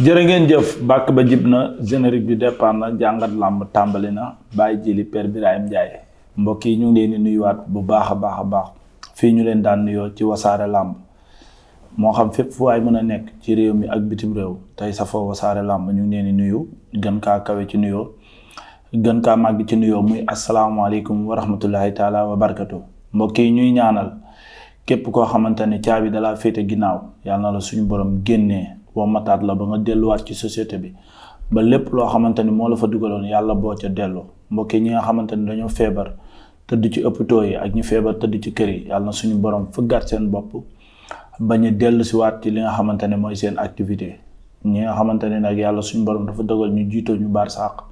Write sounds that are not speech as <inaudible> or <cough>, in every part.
jërë ngeen jëf bàkk ba jib na générique bi départ na jàngat làmb tàmbali na bàyyi jili bi Birahim Ndiaye mbokk yi ñu ngi leen di nuyuwaat bu baax a baax a baax fii ñu leen daan nuyoo ci wasaare làmb moo xam fépp fu waay mën a nekk ci réew mi ak bitim réew tey sa foo wasaare làmb ñu ngi leen di nuyu gën kaa kawe ci nuyoo gën kaa màgg ci nuyoo muy asalaamaaleykum wa rahmatullahi taala wa barkatu mbokk yi ñuy ñaanal képp koo xamante ne caabi dalaa féete ginnaaw yàlla suñu borom génnee womataat la ba nga delluwaat ci société bi ba lépp loo xamante ni moo la fa dugaloon yàlla boo ca delloo mbokk ñi nga xamante ni dañoo feebar tëdd ci hôpitaux yi ak ñi feebar tëdd ci kër yi yàlla na suñu borom fëggaat seen bopp ba a dellu si waat ci li nga xamante ne mooy seen activité ñi nga xamante ne nag yàlla suñu borom dafa dogal ñu jiitoo ñu baar sàq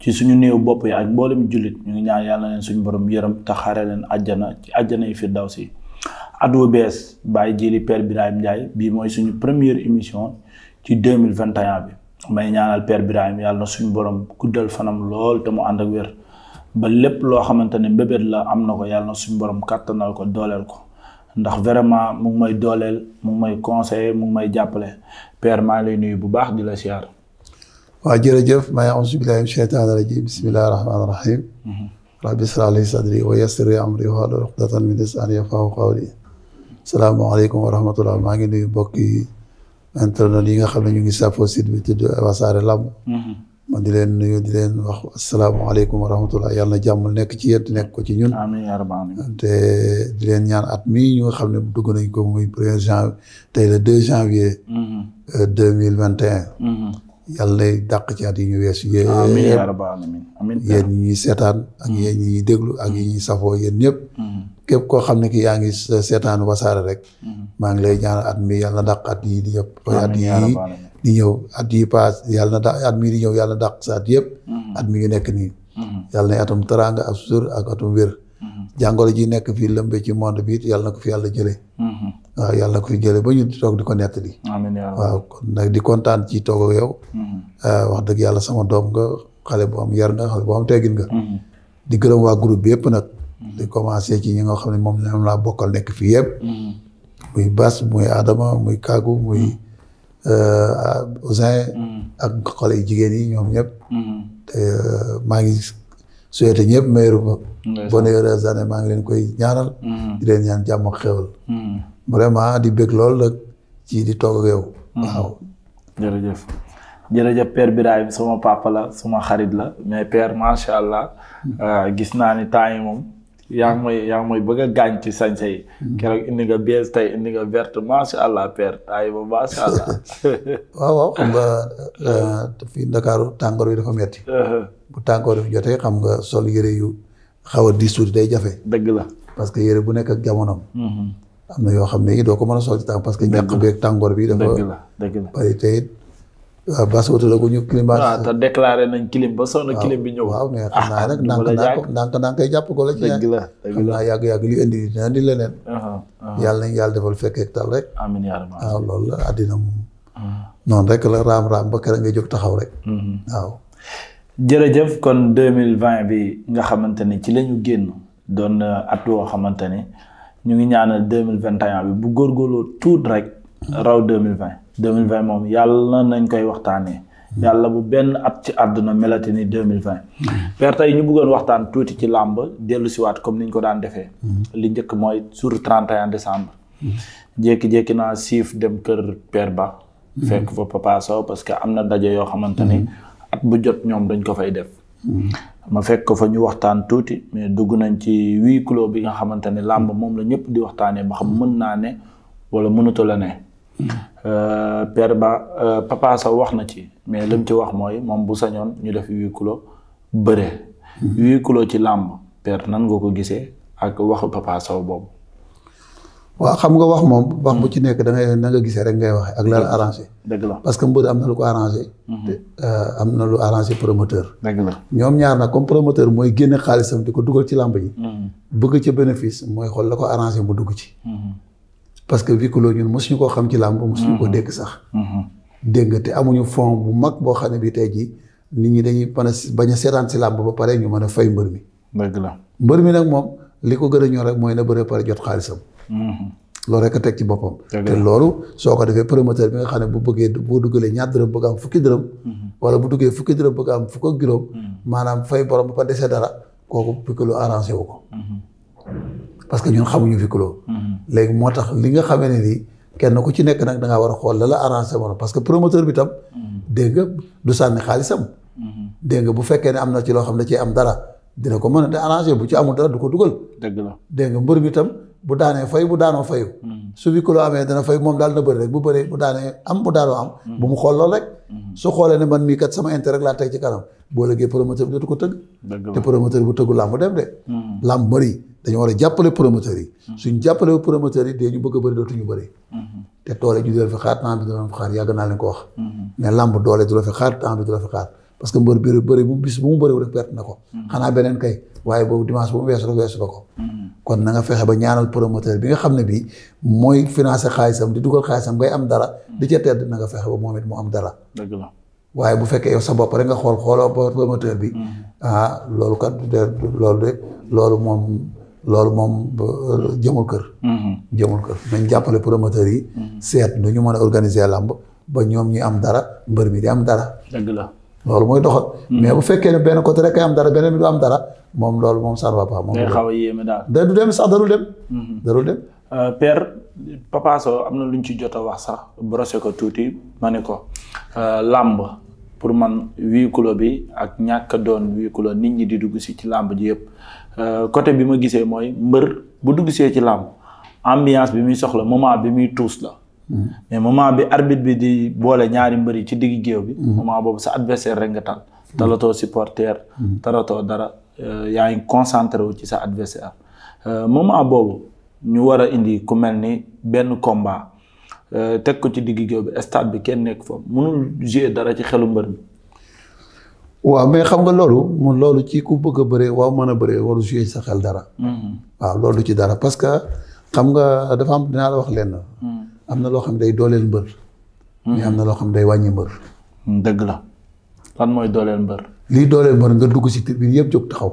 ci suñu néew bopp yi ak mboolem jullit ñu ngi ñaan yàlla leen suñu borom yërëm taxaare leen àjjana ci àjjana yi firdawsi at wu bees Baye Jili Père Birahim Ndiaye bii mooy suñu première émission ci deux mille vingt et bi may ñaanal Père Birahim yàlla na suñu borom guddal fanam lool te mu ànd ak wér ba lépp loo xamante ne mbébét la am na ko yàlla na suñu borom kàttanal ko dooleel ko ndax vraiment mu ngi may dooleel mu ngi may conseiller mu may jàppale Père maa lay nuyu bu baax di la siyaar. waaw jërëjëf maa ngi auzu billaahi mina sheytaani rajiim bismillaahi rahmaani rahiim. Mhm. rabbi ishrah li sadri wa yassir salaamaaleykum wa rahmatullah maa ngi nuyu mbokk yi internet yi nga xam ne ñu ngi sàppoo site bi tudd Wassare Lamb mm-hmm. ma di leen nuyu di leen wax asalaamaaleykum wa rahmatullah yàlla na jàmm nekk ci yéen nekk ko ci ñun. amiin te di leen ñaan at mii ñu nga xam ne dugg nañ ko muy premier janvier tey le deux janvier. Mm-hmm. Euh, deux mille vingt un. Mm-hmm. yàlla lay dàq ci at yi ñu weesu yéen yéen ñi ñuy seetaan ak mm-hmm. yéen ñu déglu ak yi ñuy safoo yéen ñëpp mm-hmm. képp koo xam ne ki yaa ngi seetaan wasaare rek mm-hmm. maa ngi lay ñaan at mi yàlla na dàq at yi di yëpp at ñëw at yi paas yàlla na dàq at mi di ñëw yàlla na dàq sa at yëpp at mi ngi nekk nii yàlla na atum teraanga ak sutur ak atum wér Mm-hmm. jàngoro ji nekk fii lëmbe ci monde bi it yàlla na ko fi yàlla jëlee. Mm-hmm. waaw yàlla na ko fi jëlee ba ñu toog di ko nettali. amiin waaw kon nag di kontaan ci toog ak mm-hmm. ah, wax dëgg yàlla sama doom nga xale boo am yar nga xale bu am teggin nga. di gërëm waa groupe bi yëpp nag. di commencé ci ñi nga xam ne moom am laa bokkal nekk fii yëpp. muy Bas muy Adama muy Kaagu muy. Euh, Ousin. ak xale jigéen yi ñoom ñëpp. Euh, maa ngi. souhaité ñëpp meilleur ko bonne heureuse année maa ngi leen koy ñaanal mm-hmm. di leen ñaan jàmm ak xéwal mm-hmm. vraiment di bëgg lool nag ci di toog ak yow mm-hmm. waaw jërëjëf jërëjëf père Birahim sama papa la sama xarit la mais père macha allah euh, gis naa ni temps yi moom yaa mooy yaa ngi bëgg a gaañ ci sañse yi keroog indi nga bees tey indi nga verte macha allah père temps yi allah <laughs> waaw waaw xam nga euh, fii Ndakaaru tàngoor bi dafa metti <laughs> uh-huh. bu tàngoor bi jotee xam nga sol yëre yu xaw a diis tuuti day jafe. dëgg la parce que yëre bu nekk ak jamonoom. Mm-hmm. am na yoo xam ne doo ko mën a sol ci tàng parce que ñàkk beeg tàngoor bi. dafa bari te it waaw bas wutu la ko ñu climat. waaw ah, te déclaré nañ clim ba sonn clim bi ñëw. waaw mais ah, xam naa rek ndànk ndànk ndànk ndànk koy jàpp ko la. ci dëgg la xam naa yàgg yàgg li indi dina indi leneen. Uh-huh, uh-huh. yàlla nañ yàlla defal fekkee tal rek. waaw loolu la àddina moom. Uh-huh. noonu rek la raam raam ba keroog ngay jóg taxaw rek. Mm-hmm. waaw. jërëjëf kon deux mille vingt bi nga xamante ni ci la génn doon at woo xamante ni ñu ngi ñaanal deux mille vingt et bu góorgóorloo tuut rek raw deux mille vingt deux mille moom yàlla nañ koy waxtaanee yàlla bu benn at ci àdduna melati ni deux mille vingt perte yi ñu buggoon waxtaan tuuti ci làmb dellu siwaat comme niñ ko daan defee li njëkk mooy sur trente et un décembre jékki-jékki naa siif dem kër Père Ba fekk fa Papa parce que am na daje yoo xamante ni bu jot ñoom dañ ko fay def. ma fekk ko fa ñu waxtaan tuuti mais dugg nañ ci huis clos bi nga xamante ne làmb moom la ñëpp di waxtaanee ba xam mën naa ne wala mënatula la ne. Euh, per Ba euh, Papa Sow wax na ci mais lim ci wax mooy moom bu sañoon ñu def huis clos bëre. Mm-hmm. huis clos ci làmb Père nan nga ko gisee ak waxu Papa boobu. waaw xam nga wax moom wax bu hmm. ci nekk da ngay na nga gisee rek ngay waxee ak la la arrangé dëgg parce que mbër am na lu ko arrangé hmm. euh, am na lu arrangé promoteur dëgg la ñoom ñaar nag comme promoteur mooy génne xaalisam di ko dugal ci làmb ji hmm. bëgg ci bénéfice mooy xool la ko arrangé mu dugg ci parce que huis clos ñun mosuñu koo xam ci làmb mosuñu ko dégg sax dégg te amuñu fond bu mag boo xam ne bi tey jii nit ñi dañuy mën a bañ a seetaan si làmb ba pare ñu mën a fay mbër mi dëgg la mbër mi nag moom li ko gën a ñor rek mooy na bëre pare jot xaalisam Mm-hmm. loolu rek a teg ci boppam. te loolu soo ko defee promoteur bi nga xam ne bu bëggee boo duggalee ñaar dërëm bëgg am fukki dërëm. Mm-hmm. wala bu duggee fukki dërëm bëgg am fukk ak juróom. Mm-hmm. maanaam fay borom ba ko desee dara kooku Piccolo arrangé wu parce que ñun xamuñu Piccolo. léegi moo tax li nga xamee ne nii kenn ku ci nekk nag da ngaa war a xool la la arrangé moom parce que promoteur bi tam. dégg nga du sànni xaalisam. dégg nga bu fekkee ne am na ci loo xam ne da cee am dara. dina ko mën a arrangé bu ci amul dara du ko dugal. dëgg la dégg nga mbër mi tam bu daanee fay bu daanoo fayu. Hmm. su fi kilo amee dana fay moom daal na bëri rek bu bëree bu daanee am bu daanoo am. Hmm. bu mu xool loolu rek. Hmm. su xoolee ne man mii kat sama intérêt rek laa teg ci kanam boo léegi promoteur bi dootu ko tëgg. dëgg la te promoteur bu tëggu làmb dem de. làmb mbër yi dañu war a jàppale promoteurs yi. suñ jàppale promoteurs yi dee ñu bëgg a bëri dootuñu bëri. te toole ju du la fi xaar temps yàgg naa leen ko wax. doole du la fi xaar temps bi du parce que mbër bëri bëri bu bis bu mu bëriwul rek perte na ko. Mm-hmm. xanaa beneen kay waaye boobu dimanche bu mu weesu rek weesu na ko. Mm-hmm. kon na fexe ba ñaanal promoteur bi nga xam ne bii mooy financer xaalisam di dugal xaalisam ngay am dara. di ca tedd nanga fexe ba moom it mu am dara. dëgg la waaye bu fekkee sa bopp rek nga xool xooloo promoteur bi. Mm-hmm. ah loolu kat loolu de loolu moom. loolu moom jëmul kër jëmul kër nañ jàppale promoteurs yi seet nu ñu mën a organiser làmb ba ñoom ñu am dara mbër mi di am dara la loolu mooy doxal. Hmm. mais bu fekkee ne benn côté rek kay am dara beneen bi du am dara moom loolu moom ça ne va pas. xaw a yéeme daal. da du dem sax darul dem. Hmm. darul dem. Euh, Père Papa am na lu ñu ci jot a wax sax brosser ko tuuti ma ne ko euh, làmb pour man huis clos bi ak ñàkk a doon huis clos nit ñi di dugg si ci làmb ji yëpp euh, côté bi ma gisee mooy mbër bu dugg see ci làmb ambiance bi muy soxla moment bi muy tuus la. mais moment bi arbitre bi di boole ñaari mbëri ci digg géew bi. Mm-hmm. moment boobu sa adversaire rek nga tal. talatoo supporter. Mm-hmm. talatoo dara euh, yaa ngi concentré wu ci sa adversaire euh, moment boobu ñu war a indi ku mel ni benn combat euh, teg ko ci digg géew bi stade bi kenn nekk fa mënul jouer dara ci xelu mbër mi. waaw mais xam nga loolu moom loolu ci ku bëgg a bëri waaw mën a bëree waru jouer sa xel dara. Mm-hmm. waaw loolu ci dara parce que xam nga dafa am dinaa la wax lenn. am na loo xam day dooleel mbër. mais am na loo xam day wàññi mbër. Hmm, dëgg la lan mooy dooleel mbër. lii dooleel mbër nga dugg si tribune yëpp jóg taxaw.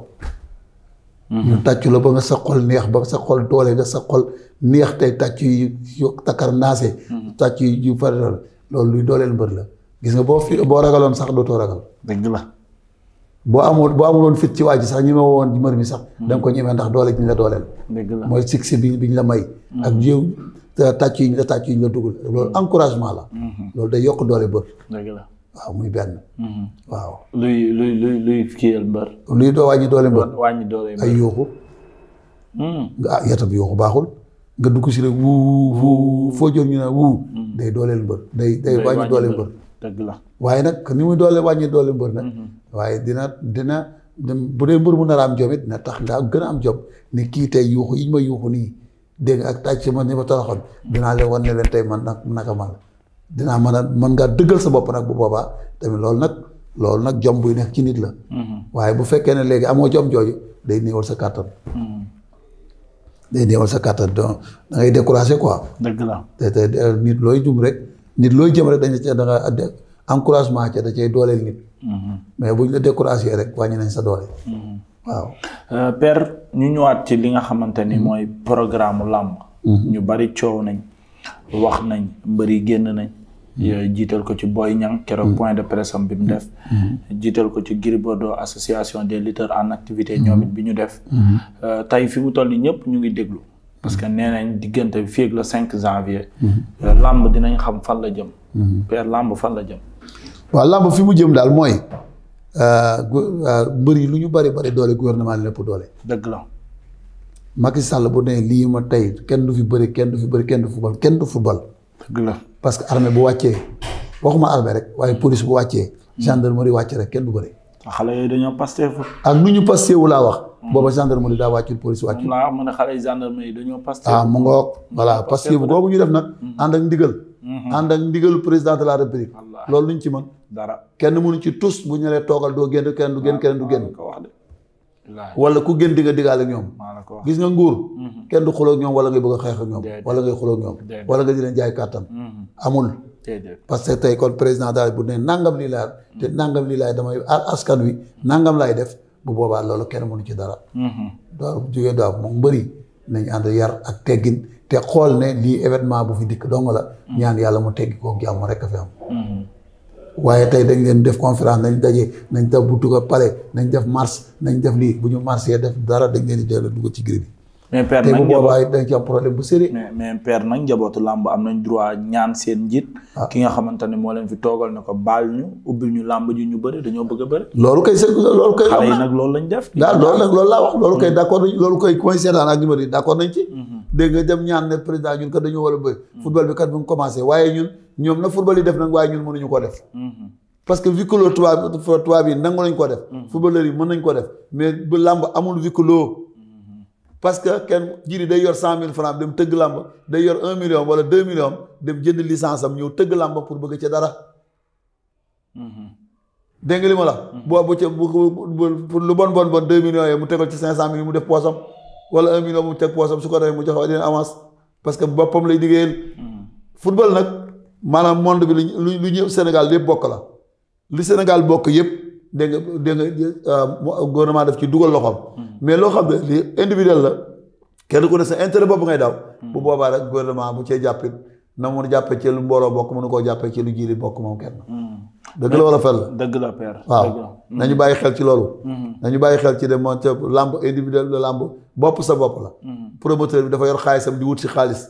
Hmm. ñu tàccu la ba nga sa xol neex ba sa xol doole nga sa xol neex tey tàcc yu takkar naase. Hmm. tàcc yu faral loolu luy dooleel mbër la gis nga boo fi boo ragaloon sax dootoo ragal. dëgg la. boo amul boo amuloon fit ci waa ji sax ñi ma woon mbër mi sax. da nga ko ñemee ndax doole ji ñu la dooleel. dëgg la mooy succès bi ñu la may. ak Euh, tàcc yi ñu la tàcc yi ñu la mm-hmm. loolu encouragement la mm-hmm. loolu day yokk doole bër dëgg la waaw muy benn mm-hmm. waaw luy luy luy luy kiyal mbër luy doo wàññi doole mbër wàññi doole ay yooxu mm. nga ah yatam baaxul nga dugg si rek foo jëm ñu ne wuu day dooleel mbër day day wàññi doole mbër dëgg la waaye nag ni muy doole wàññi doole mbër nag waaye dina dina bu dee mbër mu nar am jom it na tax nga gën a am jom ne kii tey yuuxu yi ma yuuxu nii dégg nga ak tàcc ma ni ma toroxoon dinaa leen wan ne leen tey man nag naka ma la dinaa mën a mën ngaa dëggal sa bopp nag bu boobaa tamit loolu nag loolu nag jom buy nekk ci nit la. Mm-hmm. waaye bu fekkee ne léegi amoo joom jooju day néewal sa kàttan. Mm-hmm. day néewal sa kàttan donc da ngay découragé quoi. dëgg la te te nit looy jum rek nit looy jëm rek dañu cee da nga encouragement ca da cay dooleel nit. Mm-hmm. mais bu ñu la découragé rek wàññi nañ sa doole. waaw euh, père ñu ñëwaat ci li nga xamante ni mm-hmm. mooy programme làmb mm-hmm. ñu bari coow nañ wax nañ mbër génn nañ mm-hmm. euh, jiital ko ci Boy Niang keroog point de presse am bi mu def jiital ko ci Gris Bordeaux association des lutteurs en activité ñoom it bi ñu def euh, tey fi mu toll ni ñëpp ñu ngi déglu parce que nee nañ diggante bi fii ak le cinq janvier làmb dinañ xam fan la jëm père làmb fan la jëm waaw làmb fi mu jëm daal mooy mbër euh, euh, yi lu ñu bari bari doole gouvernement la lépp doole. dëgg la. Macky Sall bu ne lii ma tey kenn du fi bëri kenn du fi bëri kenn du football kenn du football. dëgg la parce que armée bu wàccee waxuma armée rek waaye police bu wàccee. Hmm. gendarmerie wàcce rek kenn du bëri. xale yooyu dañoo pasté fu. ak nu ñu pasté wu laa wax. Hmm. booba gendarmerie daa wàccul police wàccul. laa wax ma ne xale yi gendarmerie dañoo pasté. ah mu ngoog hmm. voilà pasté bu googu ñu def nag. ànd ak ndigal. Mm-hmm. ànd ak ndigalu président de la république loolu ñu ci mën dara kenn mënu ci tus bu ñu nee toogal doo génn kenn du génn ah, kenn du génn wala ku génn di nga digaale ñoom gis nga nguur mm-hmm. kenn du xuloo ñoom wala ngay bëgg a xeex ak ñoom wala ngay xuloo ñoom wala nga di leen jaay kàttan mm-hmm. amul parce que tey kon président daal bu nee nangam lii laay te nangam lii laay damay askan wi nangam laay def bu boobaa loolu kenn mënu ci dara doo jógee daaw moom mbëri nañ ànd yar ak teggin te xool ne lii événement bu fi dikk dong la. Mm. ñaan yàlla mu teggi ko jàmm rek a fi am. Mm. waaye tey dañ leen def conférence nañ daje nañ def bu tuka palais nañ def marche nañ def lii bu ñu marché def dara dañ leen di delloo dugg ci gré bi. mais père nag boobaa dañ ci am problème bu sérieux mais mais père nag njabootu làmb am nañ droit ñaan seen njiit ah. ki nga xamante ne moo leen fi toogal ne ko baal ñu ubbil ñu làmb ji ñu bëri dañoo bëgg a bëri loolu kay seen loolu kay xale yi nag loolu lañ def daal loolu nag loolu laa wax loolu kay mm. d' accord nañ loolu koy ku may seetaan ak ñu bëri d' accord nañ ci mm-hmm. dégg nga dem ñaan ne président ñun kat dañoo war a bëri mm. football bi kat mu ngi commencé waaye ñun ñoom na football yi def nag waaye ñun mënuñu koo def mm-hmm. parce que huis clos tubaab tubaab yi nangu nañ koo def mm-hmm. footballeur yi mën nañ koo def mais bu làmb amul huis clos parce que kenn jiri day yor cent mille francs dem tëgg làmb day yor un million wala deux millions dem jënd licence am ñëw tëgg làmb pour bëgg ca dara. Mhm. dégg nga ma la. Mhm. boo bu ca bu bu lu bon bon bon deux million yooyu mu tegal ci cinq cent mille mu def poosam wala un million mu teg poosam su ko defee mu jox waa dina avance parce que boppam lay liggéeyal. Mhm. football nag maanaam monde bi lu lu ñëw Sénégal lépp bokk la. li Sénégal bokk yëpp. dégg nga dégg nga euh, gouvernement def ci dugal loxoom. Hmm. mais loo xam ne lii individuel la kenn ku ne sa intérêt bopp ngay daw. Hmm. bu boobaa rek gouvernement bu cee jàppit na mun jàppee ci lu mbooloo bokk mënu koo jàppee ci lu jiiri bokk moom kenn. Hmm. dëgg la wala fel la dëgg la père. waaw nañu bàyyi xel ci loolu. nañu bàyyi xel ci de moom ca làmb individuel la làmb bopp sa bopp la. promoteur bi dafa yor xaalisam di wut si xaalis.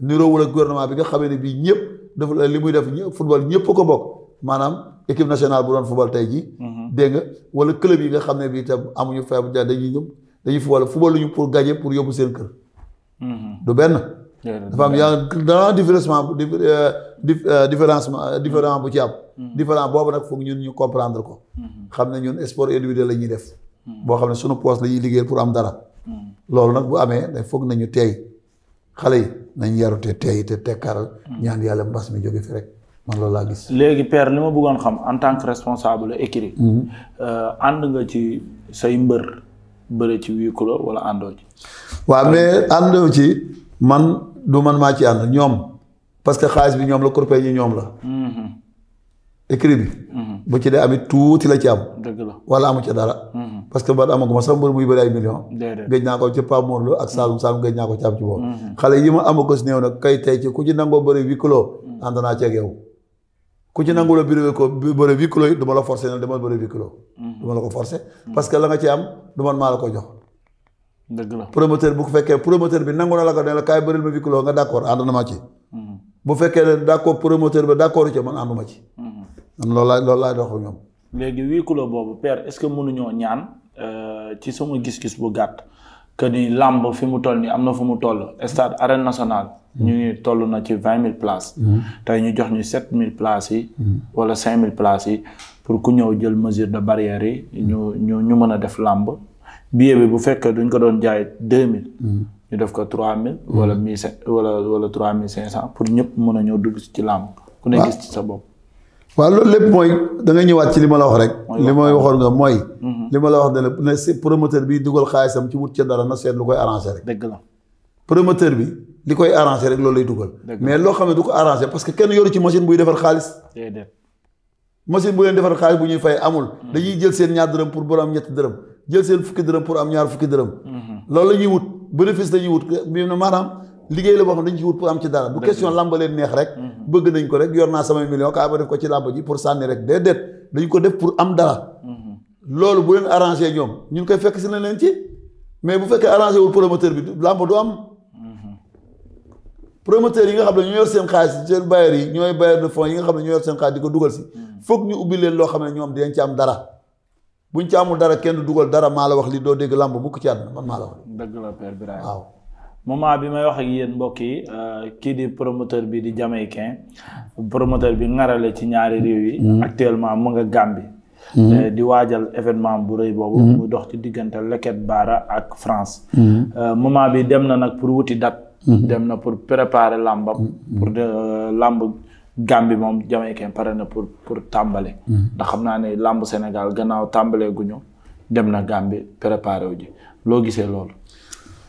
niroo wala gouvernement bi nga xamee ne bii ñëpp dafa li muy def football ñëpp ko bokk. maanaam équipe nationale bu doon football tey jii. Mhm. dégg nga wala club yi nga xam ne bii te amuñu feebu ja dañuy ñëw dañuy football lu ñu pour gagner pour yóbbu seen kër. Mhm. du benn. dafa am yaa danaa différencement euh, euh, différence euh, différent bu ci am. Mhm. différent boobu nag foog ñun ñu comprendre ko. xam ne ñun sport individuel la ñuy def. boo xam ne sunu poche lañuy ñuy pour am dara. loolu nag bu amee day foog nañu teey xale yi nañ yaru te teey te tekkaaral. ñaan yàlla mbas mi jóge fi rek. man loolu laa gis. léegi per li ma bëggoon xam en tant que responsable écurie. Mhm. Euh, ànd nga ci say mbër bëre ci huis clos wala àndoo ci. waaw mais àndoo ci man du man maa ci ànd ñoom parce que xaalis bi ñoom la kurpe ñi ñoom la. Mhm. écurie bi. Mhm. bu ci dee amit tuuti la ci am. dëgg la wala amu ci dara. parce que man amaguma sax mbër muy bëri ay millions. gëj naa ko ci Pape Mor Lo ak Saloum Saloum gëj naa ko ci am ci boobu. xale yi ma amagos néew nag kay tey ci ku ci nangoo bëri huis clos ànd naa ci ak ku ci nangu la bëre ko bëre huis clos yi du ma la forcer ne demal bëre huis clos. Mm-hmm. du ma la ko forcer. Mm-hmm. parce la nga ci am du man la ko jox. dëgg la promoteur bu fekkee promoteur bi nangu na la ko ne la kaay ma huis nga d' accord ànd na ma ci. Mm-hmm. bu fekkee ne d' accord promoteur bi d' accord ci man ànduma ci. man loolu laay loolu laay dox ñoom. léegi huis boobu père est ce que mënuñoo ñaan euh, ci sama gis-gis bu gàtt. que ni làmb fi mu toll nii am na fu mu toll stade arène nationale. Mm. ñu ngi toll na ci vingt mille places. Mm. tey ñu jox ñu sept mille places yi. Mm. wala cinq mille places yi pour ku ñëw jël mesure de barrière yi ñu ñu ñu mën a def làmb billet bi bu fekkee duñ ko doon jaay deux mille. ñu def ko trois mille. wala mille cinq wala wala trois mille cinq cent pour ñëpp mën a ñëw dugg ci làmb. ku ne gis ci sa bopp. waaw loolu lépp mooy da nga ñëwaat ci li ma la wax rek. li ma waxoon nga mooy. Mhm. li ma la wax de ne si promoteur bi dugal xaalisam ci wut ca dara na seet lu koy arrangé rek. dëgg la promoteur bi li koy arrangé loolu lay dugal. mais loo xam ne du ko arrangé parce que kenn yoru ci machine buy defar xaalis. machine bu leen defar xaalis bu ñuy fay amul. Mhm. dañuy jël seen ñaar dërëm pour bu am ñetti dërëm jël seen fukki dërëm pour am ñaar fukki dërëm. Mhm. loolu la ñuy wut bénéfice la ñuy liggéey la boo xam dañ ci wut pour am ci dara. du question làmb leen neex rek. Mm-hmm. bëgg nañ ko rek yor naa samay million kaa ma def ko ci làmb ji pour sànni rek déedéet dañ ko def pour am dara. Mm-hmm. loolu bu leen arrangé ñoom ñun koy fekk si na leen ci mais bu fekkee arrangé wul promoteur bi làmb du am. Mm-hmm. promoteur yi nga xam ne ñoo yor seen xaalis seen bailleurs yi ñooy bailleurs de fonds yi nga xam ne ñoo yor seen xaalis di ko dugal si. foog ñu ubbi leen loo xam ne ñoom dinañ ci am dara. buñ ci amul dara kenn dugal dara maa la wax li doo dégg làmb mukk ci àdduna man maa la wax. dëgg la Père moment bi may wax ak yéen mbokk yi euh, kii di promoteur bi di jamaïcain promoteur bi ngarale ci ñaari réew yi. Mm-hmm. actuellement mu nga Gambie. Mm-hmm. Euh, di waajal événement bu rëy boobu. Mm-hmm. mu dox ci diggante Leket Baara ak France. Euh, moment bi dem na nag pour wuti date. dem na pour préparer làmbam. pour de làmb Gambie moom jamaïcain pare na pour pour tàmbale. ndax xam naa ne làmb Sénégal gannaaw tàmbalee guñu dem na gàmbi préparer wu ji loo gisee loolu.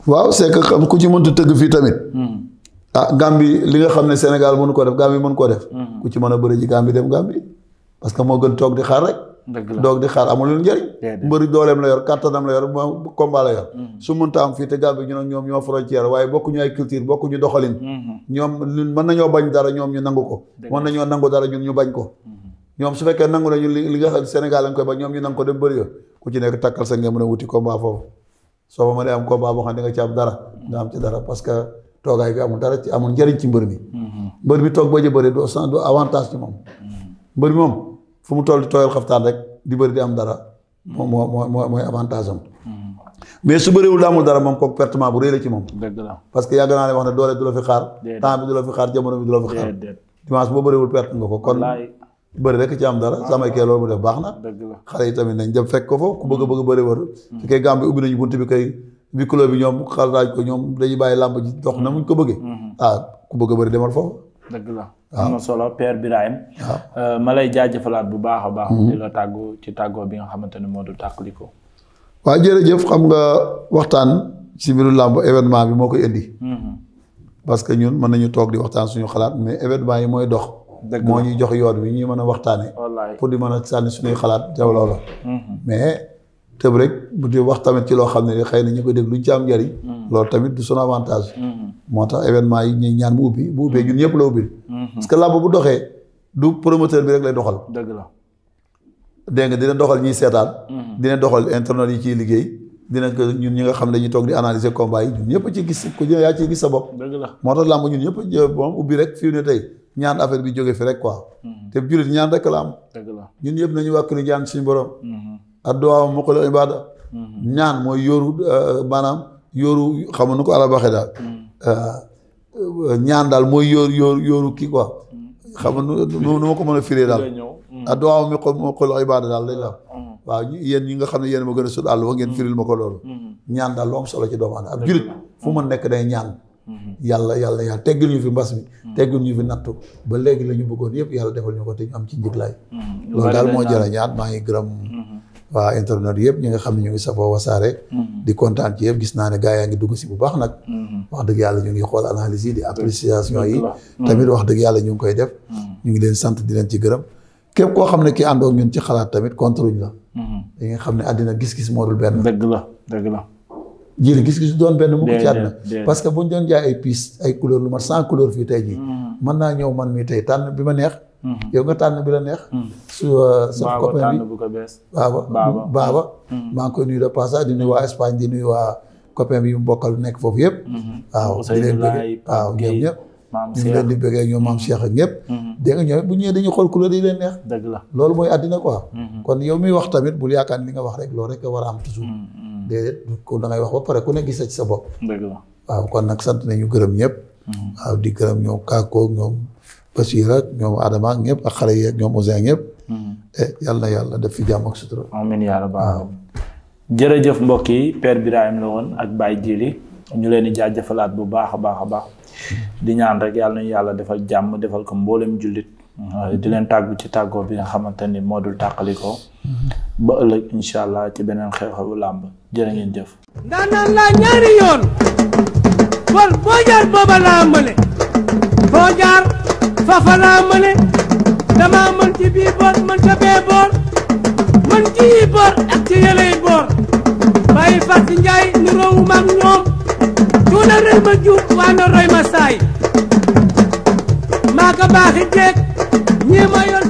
waaw c'est que ku ci mëntu tëgg fii tamit. Hmm. ah Gambie li nga xam ne Sénégal mënu ko def Gambie mën koo def. Hmm. ku ci mën a bëri ji Gambie dem Gambie parce que moo gën toog di xaar rek. doog di xaar amul lu njëriñ. mbër dooleem la yor kattanam la yor moom combat la yor. Hmm. su mënta am fii te Gambie ñu ñoom ñoo frontière waaye bokkuñu ay culture bokkuñu doxalin. ñoom mën nañoo bañ dara ñoom ñu nangu ko. mën nañoo nangu dara ñun ñu bañ ko. ñoom su fekkee nangu nañu li li nga xam Sénégal lañ koy ba ñoom ko dem bëri ku ci nekk takkal sa ngeen mën a wuti combat foofu soo ba ma am combat boo xam ne nga ci am dara nga am ci dara parce que bi amul dara ci amul njëriñ ci mbër mi mm-hmm. mbër bi toog ba jë bëri du sans du moom mm-hmm. mbër moom fu mu toll di tooyal xaftaan rek di bëri am dara mm-hmm. moom moo moo moo mooy avantage am mais su bëriwul da amul dara moom kooku pertement bu rëy ci moom parce yàgg naa ne wax ne doole du la fi xaar temps bi du la fi xaar jamono bi du la fi xaar dimanche boo bëriwul perte nga ko kon bëri rek ci am dara ah. samayke loolu mu def baax na xale yi tamit nañ dem fekk ko foofu ku bëgg a mm. bëgg bëri war mm. su koy gàmbi ubbi nañu bunt bi kay bi bi ñoom xalaaj ko ñoom dañuy bàyyi làmb ji na mm. muñ ko bëggee mm-hmm. ah ku bëgg bëri demal foofu dëgg la ah. am na solo Père Birahim ah. euh, ma lay jaajëfalaat bu baax a baax mm-hmm. di la tàggu ci tàggoo bi nga xamante ne moo du tàqliko waa jërëjëf xam nga waxtaan ci mbiru làmb événement bi moo koy indi mm-hmm. parce que ñun mën nañu toog di waxtaan suñu xalaat mais événement yi mooy dox moo ñuy jox yoon wi ñuy mën a waxtaane pour di mën a sànni suñuy xalaat jaw loola mhm. mais tëb rek bu di wax tamit ci loo xam ne xëy na ñu ko dégg luñ ci am njariñ mhm. loolu tamit du suñu avantage mhm. moo tax événement yi ñuy ñaan mu ubbi bu ubbee ñun ñëpp la ubbi parce que làmb bu doxee du promoteur bi rek lay doxal dëgg la dégg nga dina doxal ñu seetaan dina doxal internet yi ciy liggéey dina ko ñun ñi nga xam ne ñu toog di analyser combat yi ñun ñëpp ci gis ku yaa ci gis sa bopp dëgg la moo tax làmb ñun ñëpp moom euh, ubbi rek fii ne tey ñaan affaire bi jóge fi rek ko mm-hmm. te jullit ñaan rek la am. ñun yëpp nañu wàkkilu ñaan suñu borom. Mm-hmm. adduwaa muqul ibada mm-hmm. ñaan mooy yóoru euh, maanaam yóoru xamu nu ko ala baxee daal. Euh, daal mooy yóor yóor yóoru kii quoi. xam nga nu ko mën a firee daal. adduwaa muqul ibada daal lañ la am. a sut àll ba ngeen firil ma ko loolu. ñaan daal lu am solo ci doomu aadama ab fu mu nekk day ñaan. Mm-hmm. yàlla yàlla yàlla teggil ñu fi mbas mi mm-hmm. teggil ñu fi nattu ba léegi la ñu bëggoon yëpp yàlla defal ñu ko te ñu am ci njiglaay mm-hmm. loolu daal moo jëra ñaat maa ngi gërëm waa internet yëpp ñi nga xam ne ñu ngi safoo wasaare di kontaan ci yëpp gis naa ne gaa yaa ngi dugg si bu baax nag wax dëgg yàlla ñu ngi xool analyse yi di appréciation yi tamit wax dëgg yàlla ñu ngi koy def ñu ngi leen sant di leen ci gërëm képp koo xam ne ki àndoog ñun ci xalaat tamit contre la nga xam ne àddina gis-gis moo dul benn dëgg jël gis-gis doon benn mu ko ci àdduna parce que bu ñu doon jaay ay piis ay couleur lu mat cent couleur fii tey jii hmm. mën naa ñëw man mii tey tànn bi ma neex hmm. yow nga tànn bi la neex hmm. su euh, sa copain bi baaba baaba maa ngi koy nuyu de passage waa Espagne waa copain yu mu bokkal nekk foofu yëpp waaw di leen bëgg waaw ñoom ñëpp ñu ngi leen di bëggee ñoom maam Cheikh ak ñëpp dégg nga ñoom bu ñëwee dañuy xool couleur yi leen neex dëgg la loolu mooy àddina quoi kon yow miy wax tamit bul yaakaar li nga wax rek loolu rek nga war a am toujours déedéet ko da wax ba pare ku ne gis ci sa bopp. dëgg waaw kon nag sant nañu gërëm ñëpp. Mm-hmm. waaw di gërëm ñoom Kako ñoom Bachir ak ñoom Adama ak ñëpp ak xale yi ak ñoom Ousseyn ñëpp. Mm-hmm. Eh, yàlla na yàlla def fi jàmm ak sutura. amiin yaa rabbal aalamiin jërëjëf mbokk yi Père Birahim la woon ak Baye Djili ñu leen di jëfalaat bu baax a baax a baax di ñaan rek yàlla nañu yàlla defal jàmm defal ko mboolem jullit. di leen tàggu ci tàggoo bi nga xamante ni moo dul tàqalikoo ba ëllëg incha allah ci beneen xew-xewu làmb jërë ngeen jëf ndaanaan laa ñaari yoon bol boo jaar booba laa mëne boo jaar fafa laa mëne dama mën ci bii boor mën ca bee boor mën ci boor ak ci yëley boor bàyyi fas ci njaay ni ñoom cuuna rëy ma juub waa na roy ma saay maa ko baaxi jeeg ñi ma yor